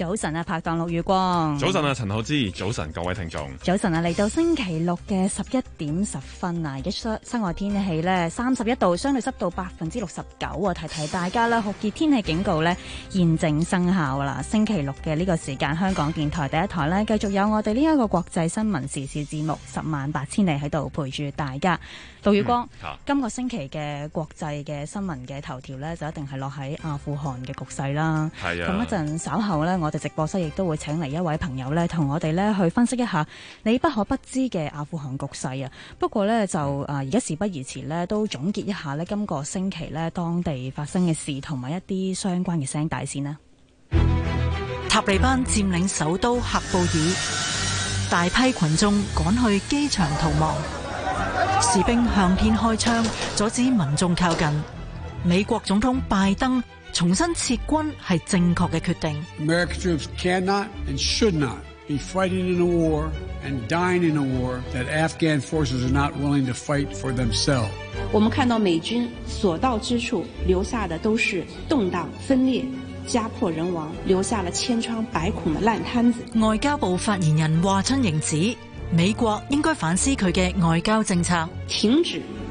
早晨啊，拍檔陸宇光。早晨啊，陳浩之。早晨各位聽眾。早晨啊，嚟到星期六嘅十一點十分啊，一出室外天氣咧，三十一度，相對濕度百分之六十九啊，提提大家啦，酷熱天氣警告咧現正生效啦。星期六嘅呢個時間，香港電台第一台咧繼續有我哋呢一個國際新聞時事節目十萬八千里喺度陪住大家。陸宇光，嗯啊，今個星期嘅國際嘅新聞嘅頭條咧就一定係落喺阿富汗嘅局勢啦。係啊。咁一陣稍後咧我。我哋直播室亦都會請嚟一位朋友咧，同我哋咧去分析一下你不可不知嘅阿富汗局勢啊。不過呢，就啊，而家事不宜遲呢都總結一下呢今個星期呢當地發生嘅事，同埋一啲相關嘅聲帶先啦。塔利班佔領首都喀布爾，大批群眾趕去機場逃亡，士兵向天開槍阻止民眾靠近。美國總統拜登。重新撤軍係正確嘅決定。American troops cannot and should not be fighting in a war and dying in a war that Afghan forces are not willing to fight for themselves. 我們看到美軍所到之處留下的都是動盪、分裂、家破人亡，留下了千瘡百孔的爛攤子。外交部發言人華春瑩指，美國應該反思佢嘅外交政策。停止。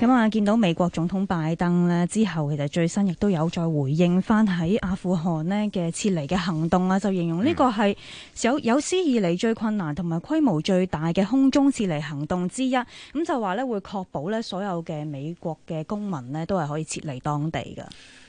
咁啊，見到美國總統拜登咧之後，其實最新亦都有再回應翻喺阿富汗咧嘅撤離嘅行動啊，就形容呢個係有有史以嚟最困難同埋規模最大嘅空中撤離行動之一。咁就話咧會確保咧所有嘅美國嘅公民咧都係可以撤離當地嘅。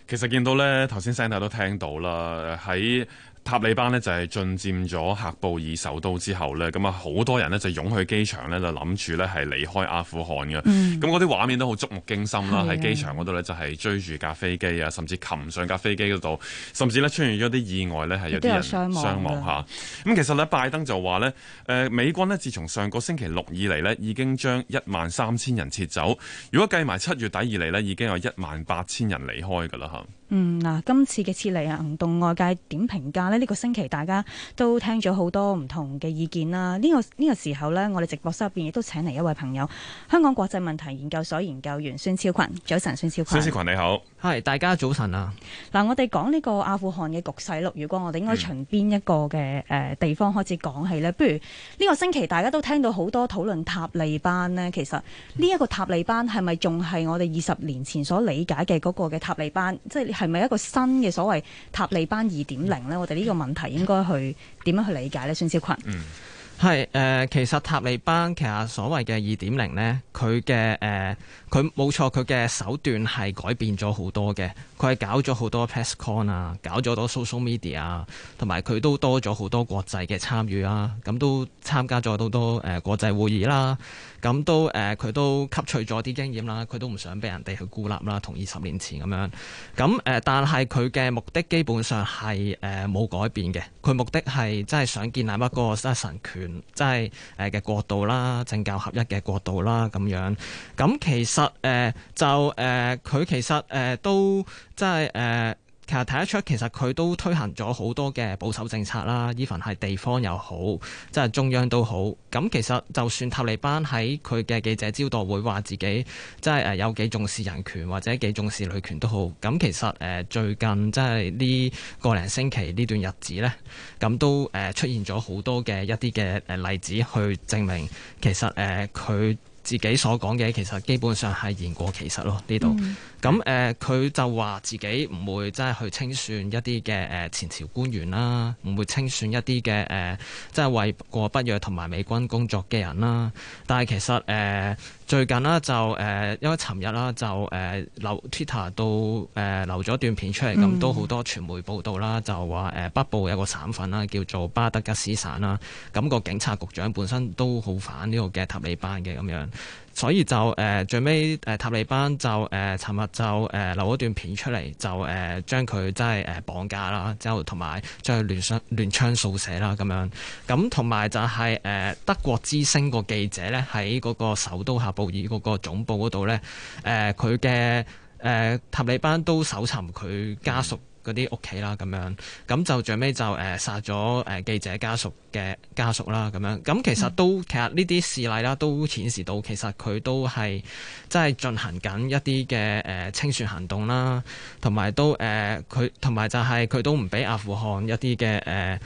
其實見到咧頭先 s e n 都聽到啦，喺。塔利班咧就係進佔咗喀布爾首都之後呢，咁啊，好多人咧就湧去機場呢，就諗住咧係離開阿富汗嘅。咁嗰啲畫面都好觸目驚心啦！喺機場嗰度呢，就係追住架飛機啊，甚至擒上架飛機嗰度，甚至呢出現咗啲意外呢，係有啲人傷亡嚇。咁其實呢，拜登就話呢：「誒美軍呢，自從上個星期六以嚟呢，已經將一萬三千人撤走。如果計埋七月底以嚟呢，已經有一萬八千人離開㗎啦嚇。」嗯，嗱，今次嘅撤離啊行動，外界點評價咧？呢個星期大家都聽咗好多唔同嘅意見啦。呢個呢個時候咧，我哋直播室入邊亦都請嚟一位朋友，香港國際問題研究所研究員孫超群，早晨，孫超群。孫超群你好。係，Hi, 大家早晨啊！嗱，我哋講呢個阿富汗嘅局勢咯。如果我哋應該從邊一個嘅誒地方開始講起呢？嗯、不如呢個星期大家都聽到好多討論塔利班呢。其實呢一個塔利班係咪仲係我哋二十年前所理解嘅嗰個嘅塔利班？即係係咪一個新嘅所謂塔利班二點零呢？嗯、我哋呢個問題應該去點樣去理解呢？孫超群。嗯係誒、呃，其實塔利班其實所謂嘅二點零呢，佢嘅誒，佢、呃、冇錯，佢嘅手段係改變咗好多嘅，佢係搞咗好多 press con 啊，搞咗多 social media 啊，同埋佢都多咗好多國際嘅參與啦，咁、啊、都參加咗好多誒、呃、國際會議啦。咁都誒，佢、呃、都吸取咗啲經驗啦，佢都唔想俾人哋去孤立啦，同二十年前咁樣。咁誒、呃，但係佢嘅目的基本上係誒冇改變嘅，佢目的係真係想建立一個神權，即係誒嘅國度啦、政教合一嘅國度啦咁樣。咁、嗯、其實誒、呃、就誒，佢、呃、其實誒、呃、都即係誒。其實睇得出，其實佢都推行咗好多嘅保守政策啦。依份係地方又好，即係中央都好。咁其實就算塔利班喺佢嘅記者招待會話自己即係誒有幾重視人權或者幾重視女權都好。咁其實誒最近即係呢個零星期呢段日子呢，咁都誒出現咗好多嘅一啲嘅誒例子去證明，其實誒佢自己所講嘅其實基本上係言過其實咯。呢度。嗯.咁誒，佢、呃、就話自己唔會即係去清算一啲嘅誒前朝官員啦，唔會清算一啲嘅誒，即係為過北約同埋美軍工作嘅人啦。但係其實誒、呃、最近啦，就、呃、誒因為尋日啦，就誒留 Twitter 到誒留咗段片出嚟，咁都好多傳媒報道啦，就話誒北部有個省份啦叫做巴德吉斯省啦，咁、那個警察局長本身都好反呢個嘅塔利班嘅咁樣。所以就誒、呃、最尾誒塔利班就誒尋、呃、日就誒、呃、留一段片出嚟，就誒將佢真係誒綁架啦，之後同埋將佢亂上亂槍掃射啦咁樣，咁同埋就係、是、誒、呃、德國之聲個記者咧，喺嗰個首都喀布爾嗰個總部嗰度咧，誒佢嘅誒塔利班都搜尋佢家屬。嗯嗰啲屋企啦，咁樣咁就最尾就誒殺咗誒記者家屬嘅家屬啦，咁樣咁其實都其實呢啲事例啦，都顯示到其實佢都係真係進行緊一啲嘅誒清算行動啦，同埋都誒佢同埋就係佢都唔俾阿富汗一啲嘅誒。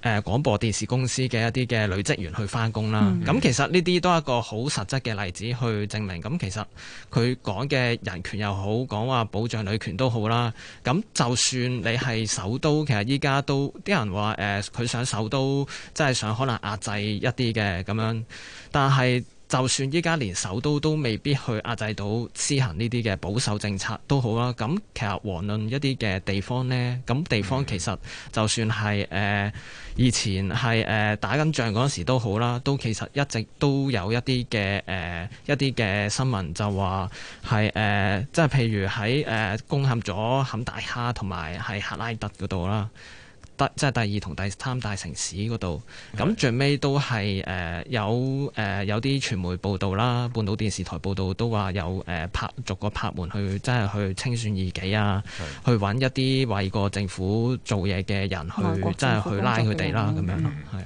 誒、呃、廣播電視公司嘅一啲嘅女職員去翻工啦，咁、嗯、其實呢啲都係一個好實質嘅例子去證明。咁其實佢講嘅人權又好，講話保障女權都好啦。咁就算你係首都，其實依家都啲人話誒，佢、呃、想首都即係想可能壓制一啲嘅咁樣，但係。就算依家連首都都未必去壓制到施行呢啲嘅保守政策都好啦。咁其實遑論一啲嘅地方呢，咁地方其實就算係誒、呃、以前係誒、呃、打緊仗嗰陣時都好啦，都其實一直都有一啲嘅誒一啲嘅新聞就話係誒，即、呃、係譬如喺誒、呃、攻陷咗坎大哈同埋喺克拉特嗰度啦。即係第二同第三大城市嗰度，咁最尾都係誒、呃、有誒、呃、有啲傳媒報道啦，半島電視台報道都話有誒、呃、拍逐個拍門去，即係去清算異己啊，的去揾一啲為個政府做嘢嘅人去，即係的去拉佢哋啦，咁、嗯、樣咯，係啊。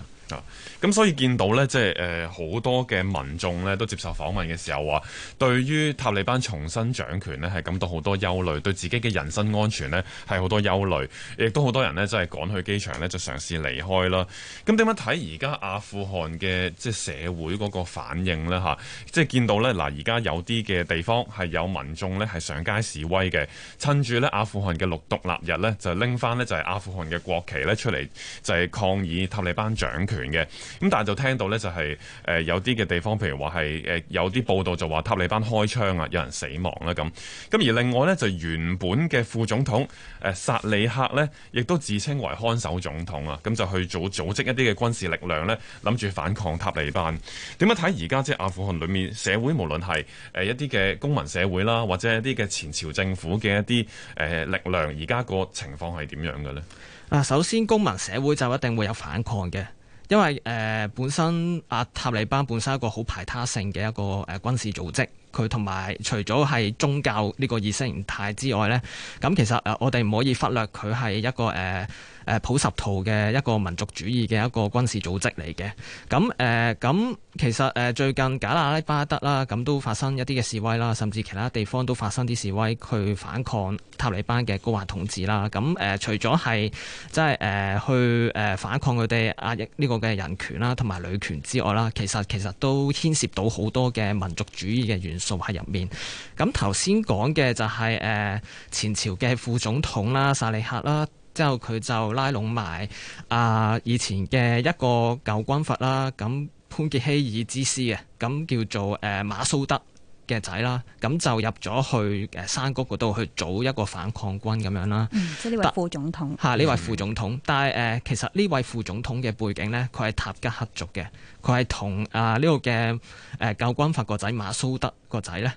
咁、嗯、所以見到呢，即係誒好多嘅民眾呢都接受訪問嘅時候話，對於塔利班重新掌權呢，係感到好多憂慮，對自己嘅人身安全呢，係好多憂慮，亦都好多人呢，真係趕去機場呢，就嘗試離開啦。咁點樣睇而家阿富汗嘅即係社會嗰個反應呢？吓，即係見到呢，嗱，而家有啲嘅地方係有民眾呢係上街示威嘅，趁住呢阿富汗嘅六獨立日呢，就拎翻呢，就係、是、阿富汗嘅國旗呢出嚟就係抗議塔利班掌權。嘅咁，但係就聽到呢，就係誒有啲嘅地方，譬如話係誒有啲報道就話塔利班開槍啊，有人死亡咧。咁咁而另外呢，就原本嘅副總統誒、呃、薩利克呢，亦都自稱為看守總統啊。咁就去組組織一啲嘅軍事力量呢，諗住反抗塔利班。點樣睇而家即係阿富汗裡面社會，無論係誒一啲嘅公民社會啦，或者一啲嘅前朝政府嘅一啲誒、呃、力量，而家個情況係點樣嘅呢？啊，首先公民社會就一定會有反抗嘅。因為誒、呃、本身阿塔利班本身係一個好排他性嘅一個誒軍事組織。佢同埋除咗係宗教呢個意識形態之外咧，咁其實誒我哋唔可以忽略佢係一個誒誒、呃、普什圖嘅一個民族主義嘅一個軍事組織嚟嘅。咁誒咁其實誒、呃、最近賈拉拉巴德啦，咁、啊、都發生一啲嘅示威啦，甚至其他地方都發生啲示威，去反抗塔利班嘅高壓統治啦。咁、啊、誒、呃、除咗係即係誒去誒反抗佢哋壓抑呢個嘅人權啦，同埋女權之外啦，其實其實都牽涉到好多嘅民族主義嘅元素。數喺入面，咁頭先講嘅就係誒前朝嘅副總統啦，薩利赫啦，之後佢就拉攏埋啊以前嘅一個舊軍閥啦，咁潘傑希爾之師啊，咁叫做誒馬蘇德。嘅仔啦，咁就入咗去誒山谷嗰度去組一個反抗軍咁樣啦。嗯，即係呢位副總統嚇呢但 位副總統，但係誒其實呢位副總統嘅背景咧，佢係塔吉克族嘅，佢係同啊呢個嘅誒舊軍法個仔馬蘇德個仔咧。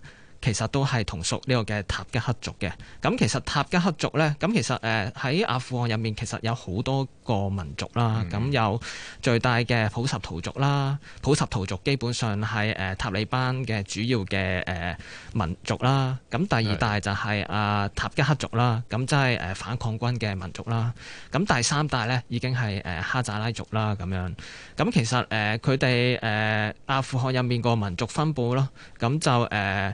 其實都係同屬呢個嘅塔吉克族嘅。咁其實塔吉克族呢，咁其實誒喺阿富汗入面，其實有好多個民族啦。咁、嗯、有最大嘅普什圖族啦，普什圖族基本上係誒塔利班嘅主要嘅誒民族啦。咁第二大就係阿塔吉克族啦，咁是即係誒反抗軍嘅民族啦。咁第三大呢，已經係誒哈扎拉族啦，咁樣。咁其實誒佢哋誒阿富汗入面個民族分布咯，咁就誒。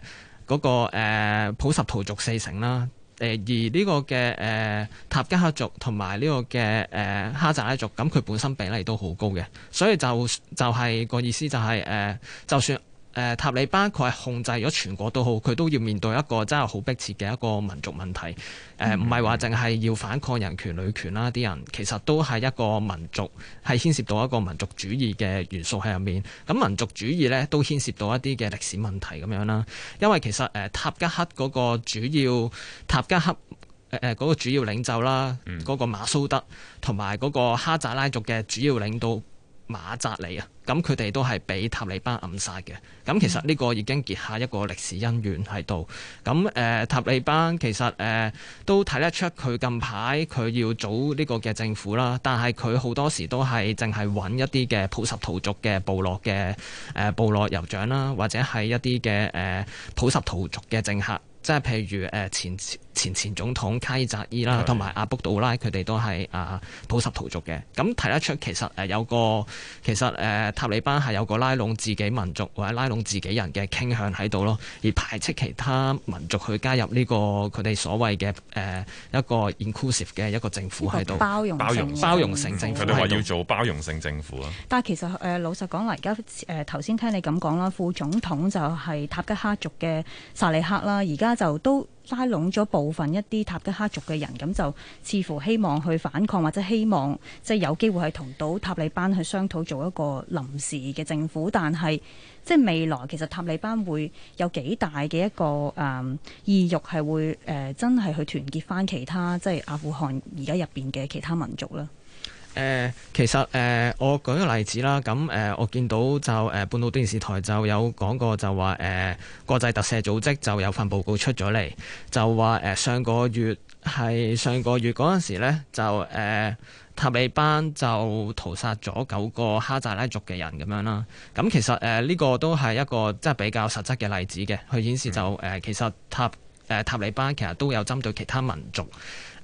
嗰個誒普什圖族四成啦，誒而呢個嘅誒塔吉克族同埋呢個嘅誒哈扎拉族，咁佢本身比例都好高嘅，所以就就係個意思就係誒，就算。誒塔利班佢係控制咗全國都好，佢都要面對一個真係好迫切嘅一個民族問題。誒唔係話淨係要反抗人權女權啦，啲人其實都係一個民族，係牽涉到一個民族主義嘅元素喺入面。咁民族主義呢，都牽涉到一啲嘅歷史問題咁樣啦。因為其實誒、呃、塔吉克嗰個主要塔吉克誒誒嗰個主要領袖啦，嗰、嗯、個馬蘇德同埋嗰個哈扎拉族嘅主要領導。馬扎里啊，咁佢哋都係俾塔利班暗殺嘅，咁其實呢個已經結下一個歷史恩怨喺度。咁誒、呃、塔利班其實誒、呃、都睇得出佢近排佢要組呢個嘅政府啦，但係佢好多時都係淨係揾一啲嘅普什圖族嘅部落嘅誒、呃、部落酋長啦，或者係一啲嘅誒普什圖族嘅政客，即係譬如誒、呃、前。前前總統卡爾扎伊啦，同埋的阿卜杜拉，佢哋都係啊，普什圖族嘅。咁睇得出其實誒有個其實誒塔利班係有個拉攏自己民族或者拉攏自己人嘅傾向喺度咯，而排斥其他民族去加入呢、這個佢哋所謂嘅誒一,一個 inclusive 嘅一個政府喺度包容包容包容性政府，佢哋話要做包容性政府咯。但係其實誒、呃、老實講啦，而家誒頭先聽你咁講啦，副總統就係塔吉克族嘅薩利克啦，而家就都。拉攏咗部分一啲塔吉克族嘅人，咁就似乎希望去反抗，或者希望即係、就是、有機會係同到塔利班去商討做一個臨時嘅政府。但係即係未來其實塔利班會有幾大嘅一個誒、嗯、意欲係會誒、呃、真係去團結翻其他即係、就是、阿富汗而家入邊嘅其他民族啦。誒、呃，其實誒、呃，我舉個例子啦。咁、呃、誒，我見到就誒、呃，半島電視台就有講過就話誒、呃，國際特赦組織就有份報告出咗嚟，就話誒、呃、上個月係上個月嗰陣時咧，就誒、呃、塔利班就屠殺咗九個哈扎拉族嘅人咁樣啦。咁其實誒呢、呃這個都係一個即係比較實質嘅例子嘅，去顯示就誒、嗯呃、其實塔誒、呃、塔利班其實都有針對其他民族。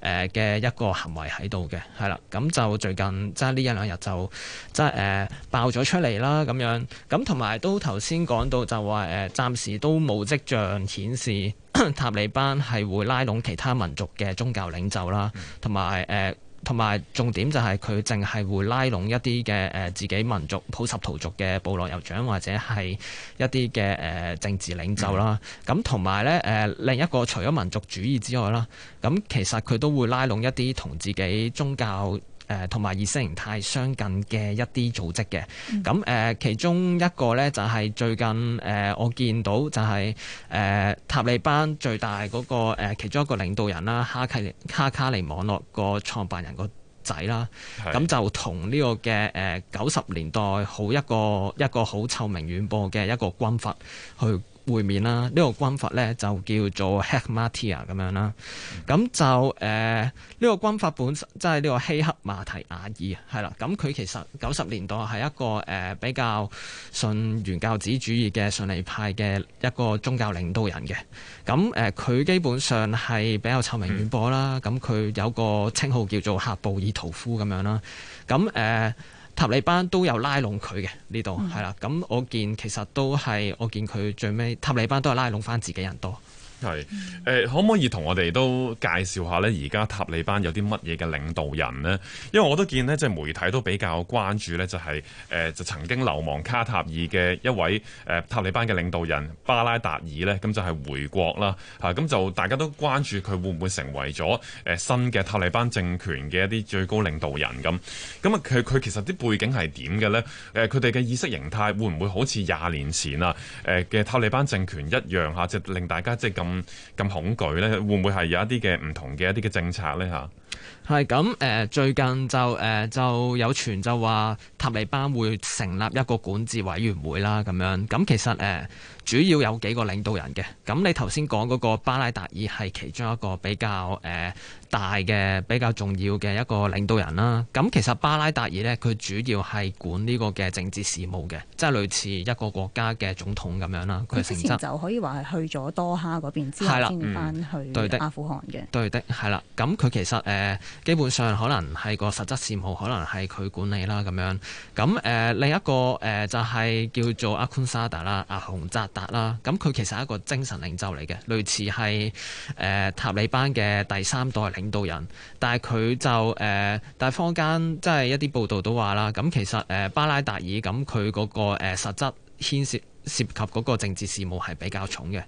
誒嘅一個行為喺度嘅，係啦，咁就最近即係呢一兩日就即係誒、呃、爆咗出嚟啦，咁樣，咁同埋都頭先講到就話誒、呃，暫時都冇跡象顯示 塔利班係會拉攏其他民族嘅宗教領袖啦，同埋誒，呃同埋重點就係佢淨係會拉攏一啲嘅誒自己民族、普什圖族嘅部落酋長，或者係一啲嘅誒政治領袖啦。咁同埋咧誒另一個除咗民族主義之外啦，咁其實佢都會拉攏一啲同自己宗教。誒同埋意識形態相近嘅一啲組織嘅，咁誒、嗯呃、其中一個咧就係最近誒、呃、我見到就係、是、誒、呃、塔利班最大嗰、那個、呃、其中一個領導人啦，哈卡哈卡尼網絡個創辦人是個仔啦，咁就同呢個嘅誒九十年代好一個一個好臭名遠播嘅一個軍閥去會面啦，呢、這個軍閥呢就叫做 Hekmatia 咁樣啦，咁就誒呢個軍閥本身即係呢個希克馬提亞爾，係啦，咁佢其實九十年代係一個誒、呃、比較信原教旨主義嘅遜尼派嘅一個宗教領導人嘅，咁誒佢基本上係比較臭名遠播啦，咁佢、嗯、有個稱號叫做喀布爾屠夫咁樣啦，咁誒。呃塔利班都有拉攏佢嘅呢度，係啦。咁、嗯、我見其實都係，我見佢最尾塔利班都係拉攏翻自己人多。係，誒、欸、可唔可以同我哋都介紹下呢？而家塔利班有啲乜嘢嘅領導人呢？因為我都見呢，即係媒體都比較關注呢，就係誒就曾經流亡卡塔爾嘅一位誒、呃、塔利班嘅領導人巴拉達爾呢。咁、嗯、就係、是、回國啦，嚇、啊、咁、嗯、就大家都關注佢會唔會成為咗誒、呃、新嘅塔利班政權嘅一啲最高領導人咁。咁啊佢佢其實啲背景係點嘅呢？誒佢哋嘅意識形態會唔會好似廿年前啊誒嘅、呃、塔利班政權一樣嚇？即令大，大家即係咁。咁咁恐懼咧，會唔會係有一啲嘅唔同嘅一啲嘅政策咧吓？係咁，誒，最近就誒，就有傳就話塔利班會成立一個管治委員會啦，咁樣，咁其實誒，主要有幾個領導人嘅。咁你頭先講嗰個巴拉達爾係其中一個比較誒大嘅比較重要嘅一個領導人啦。咁其實巴拉達爾呢，佢主要係管呢個嘅政治事務嘅，即係類似一個國家嘅總統咁樣啦。佢性質就可以話係去咗多哈嗰邊之後先翻去阿富汗嘅。對的，係啦。咁佢其實誒。基本上可能係個實質事務，可能係佢管理啦咁樣。咁誒、呃、另一個誒、呃、就係、是、叫做阿昆、啊、扎達啦、阿洪扎達啦。咁佢其實係一個精神領袖嚟嘅，類似係誒、呃、塔利班嘅第三代領導人。但係佢就誒、呃，但係坊間即係一啲報道都話啦，咁、啊、其實誒、呃、巴拉達爾咁佢嗰個誒、呃、實質牽涉。涉及嗰個政治事務係比較重嘅，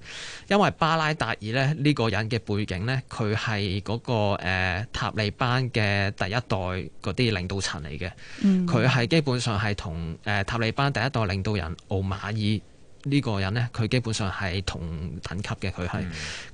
因為巴拉達爾咧呢、呢個人嘅背景呢，佢係嗰個誒、呃、塔利班嘅第一代嗰啲領導層嚟嘅。佢係、嗯、基本上係同誒塔利班第一代領導人奧馬爾呢個人呢，佢基本上係同等級嘅。佢係，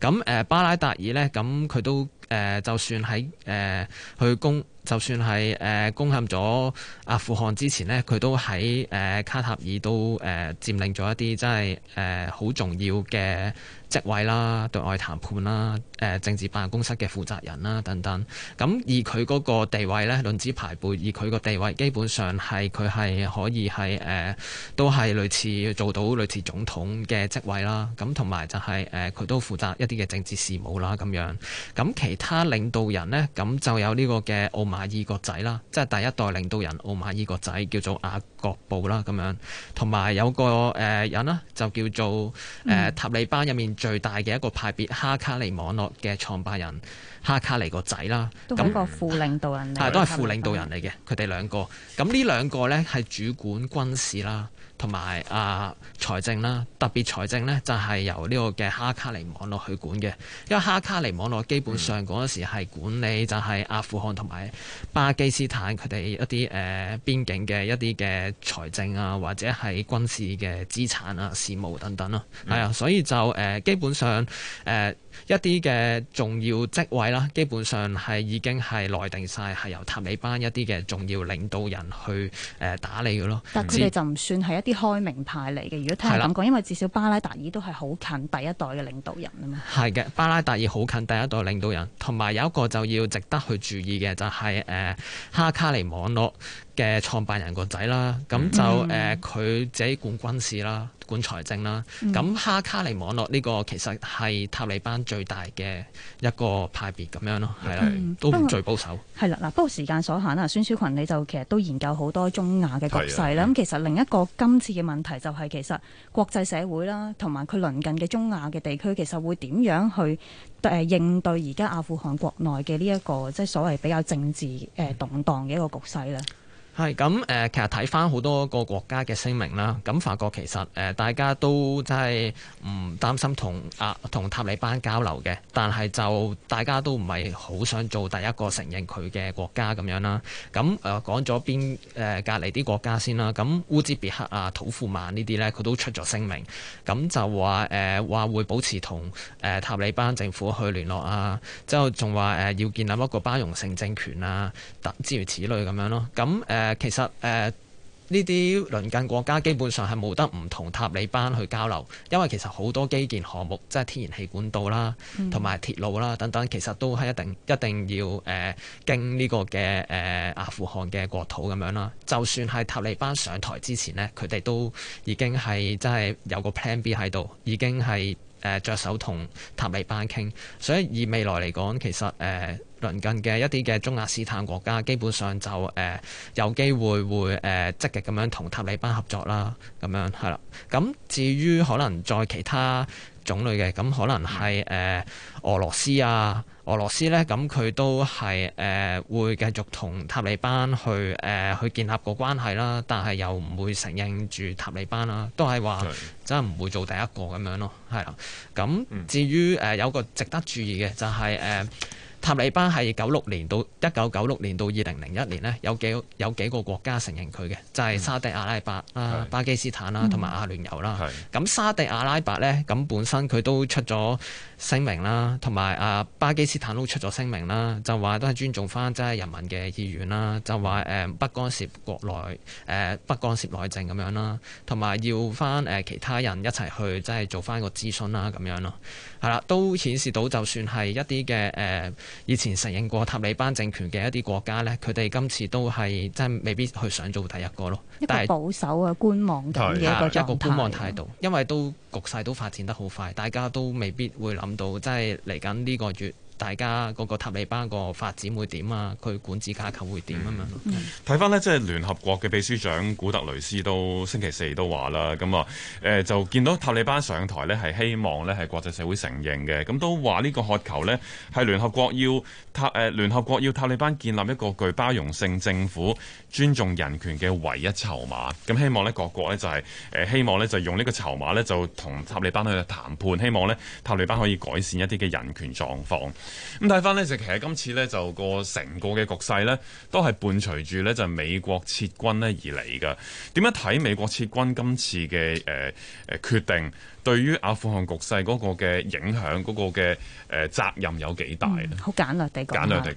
咁誒、嗯呃、巴拉達爾呢，咁佢都誒、呃、就算喺誒、呃、去公。就算係誒攻陷咗阿富汗之前呢，佢都喺誒卡塔爾都誒佔領咗一啲真係誒好重要嘅職位啦，對外談判啦，誒、呃、政治辦公室嘅負責人啦等等。咁以佢嗰個地位呢，論資排輩，以佢個地位基本上係佢係可以係誒、呃，都係類似做到類似總統嘅職位啦。咁同埋就係、是、誒，佢、呃、都負責一啲嘅政治事務啦咁樣。咁其他領導人呢，咁就有呢個嘅奧馬爾個仔啦，即係第一代領導人奧馬爾個仔叫做阿部啦咁樣，同埋有個誒、呃、人啦，就叫做誒、呃、塔利班入面最大嘅一個派別哈卡尼網絡嘅創辦人哈卡尼個仔啦，咁個副領導人，係那、啊、都係副領導人嚟嘅，佢哋兩個，咁呢兩個咧係主管軍事啦。 同埋啊財政啦，特別財政咧就係由呢個嘅哈卡尼網絡去管嘅，因為哈卡尼網絡基本上嗰陣時係管理就係阿富汗同埋巴基斯坦佢哋一啲誒邊境嘅一啲嘅財政啊，或者係軍事嘅資產啊、事務等等咯、啊，係啊、嗯，所以就誒基本上誒一啲嘅重要職位啦，基本上係、呃、已經係內定晒係由塔利班一啲嘅重要領導人去誒、呃、打理嘅咯。但佢哋就唔算係一啲開明派嚟嘅，如果聽人咁講，的因為至少巴拉達爾都係好近第一代嘅領導人啊嘛。係嘅，巴拉達爾好近第一代領導人，同埋有一個就要值得去注意嘅就係、是、誒、呃、哈卡尼網絡。嘅創辦人個仔啦，咁就誒佢、呃嗯、自己管軍事啦，管財政啦。咁、嗯、哈卡尼網絡呢個其實係塔利班最大嘅一個派別咁樣咯，係都最保守。係、嗯嗯嗯、啦，嗱不過時間所限啦，孫超群你就其實都研究好多中亞嘅局勢啦。咁、嗯、其實另一個今次嘅問題就係其實國際社會啦，同埋佢鄰近嘅中亞嘅地區，其實會點樣去誒、呃、應對而家阿富汗國內嘅呢一個即係、就是、所謂比較政治誒動盪嘅一個局勢呢？呃係咁誒，其實睇返好多個國家嘅聲明啦，咁發覺其實誒大家都真係唔擔心同啊同塔利班交流嘅，但係就大家都唔係好想做第一個承認佢嘅國家咁樣啦。咁誒講咗邊誒隔籬啲國家先啦，咁烏茲別克啊、土庫曼呢啲咧，佢都出咗聲明，咁就話誒話會保持同誒塔利班政府去聯絡啊，之後仲話誒要建立一個包容性政權啊，等諸如此類咁樣咯。咁、嗯、誒。誒其實誒呢啲鄰近國家基本上係冇得唔同塔利班去交流，因為其實好多基建項目，即係天然氣管道啦、同埋、嗯、鐵路啦等等，其實都係一定一定要誒、呃、經呢個嘅誒、呃、阿富汗嘅國土咁樣啦。就算係塔利班上台之前呢，佢哋都已經係真係有個 plan B 喺度，已經係誒、呃、着手同塔利班傾。所以以未來嚟講，其實誒。呃鄰近嘅一啲嘅中亞斯坦國家，基本上就誒、呃、有機會會誒、呃、積極咁樣同塔利班合作啦，咁樣係啦。咁至於可能在其他種類嘅，咁可能係誒、呃、俄羅斯啊，俄羅斯呢，咁佢都係誒、呃、會繼續同塔利班去誒、呃、去建立個關係啦，但係又唔會承認住塔利班啦，都係話真係唔會做第一個咁樣咯，係啦。咁至於誒、呃、有個值得注意嘅就係、是、誒。呃塔利班係九六年到一九九六年到二零零一年咧，有幾有幾個國家承認佢嘅，就係、是、沙地阿拉伯啊、巴基斯坦啦，同埋阿聯酋啦。咁、嗯、沙地阿拉伯咧，咁本身佢都出咗聲明啦，同埋啊巴基斯坦都出咗聲明啦，就話都係尊重翻即係人民嘅意願啦，就話誒不干涉國內誒不干涉內政咁樣啦，同埋要翻誒其他人一齊去即係做翻個諮詢啦咁樣咯。係啦，都顯示到就算係一啲嘅誒。呃以前承認過塔利班政權嘅一啲國家呢佢哋今次都係真係未必去想做第一個咯。一個保守嘅係觀望緊嘅一個,態,一個觀望態度，因為都局勢都發展得好快，大家都未必會諗到，即係嚟緊呢個月。大家嗰個塔利班個發展會點啊？佢管治架構會點啊？嘛睇翻呢，即係、嗯、聯合國嘅秘書長古特雷斯都星期四都話啦，咁啊，誒就見到塔利班上台呢，係希望呢係國際社會承認嘅。咁都話呢個渴求呢，係聯合國要塔誒、呃、聯合國要塔利班建立一個具包容性政府，尊重人權嘅唯一籌碼。咁希望呢，各國呢就係、是、誒、呃、希望呢，就用呢個籌碼呢，就同塔利班去談判，希望呢，塔利班可以改善一啲嘅人權狀況。咁睇翻呢就其實今次呢就個成個嘅局勢呢，都係伴隨住呢就美國撤軍呢而嚟㗎。點樣睇美國撤軍今次嘅誒誒決定，對於阿富汗局勢嗰、嗰個嘅影響、嗰個嘅誒責任有幾大呢？好、嗯、簡略地講啦。簡略地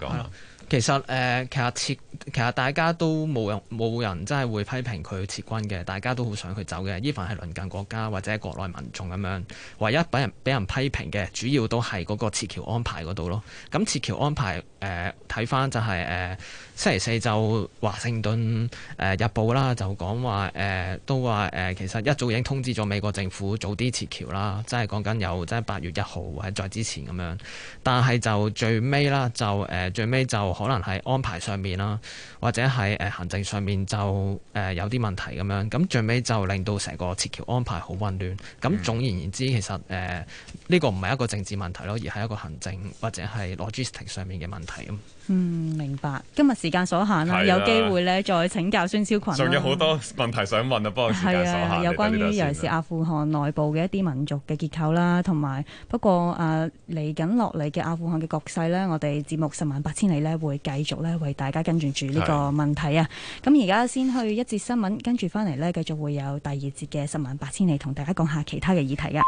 其實誒，其實撤，其實大家都冇人冇人真係會批評佢撤軍嘅，大家都好想佢走嘅。依份係鄰近國家或者國內民眾咁樣，唯一俾人俾人批評嘅，主要都係嗰個撤僑安排嗰度咯。咁撤僑安排。誒，睇翻就係、是、誒、呃、星期四就華盛頓誒、呃、日報啦，就講話誒都話誒、呃、其實一早已經通知咗美國政府早啲撤橋啦，即係講緊有即係八月一號或者再之前咁樣，但係就最尾啦，就、呃、誒最尾就可能係安排上面啦，或者係誒行政上面就誒有啲問題咁樣，咁最尾就令到成個撤僑安排好混亂。咁總而言之，嗯、其實誒呢、呃這個唔係一個政治問題咯，而係一個行政或者係 logistics 上面嘅問題。嗯，明白。今日時間所限咧，的有機會咧再請教孫超群。仲有好多問題想問啊，不過係啊，有關於尤其是阿富汗內部嘅一啲民族嘅結構啦，同埋不過啊嚟緊落嚟嘅阿富汗嘅局勢呢。我哋節目十萬八千里呢，會繼續咧為大家跟住住呢個問題的啊。咁而家先去一節新聞，跟住翻嚟呢，繼續會有第二節嘅十萬八千里，同大家講下其他嘅議題啊。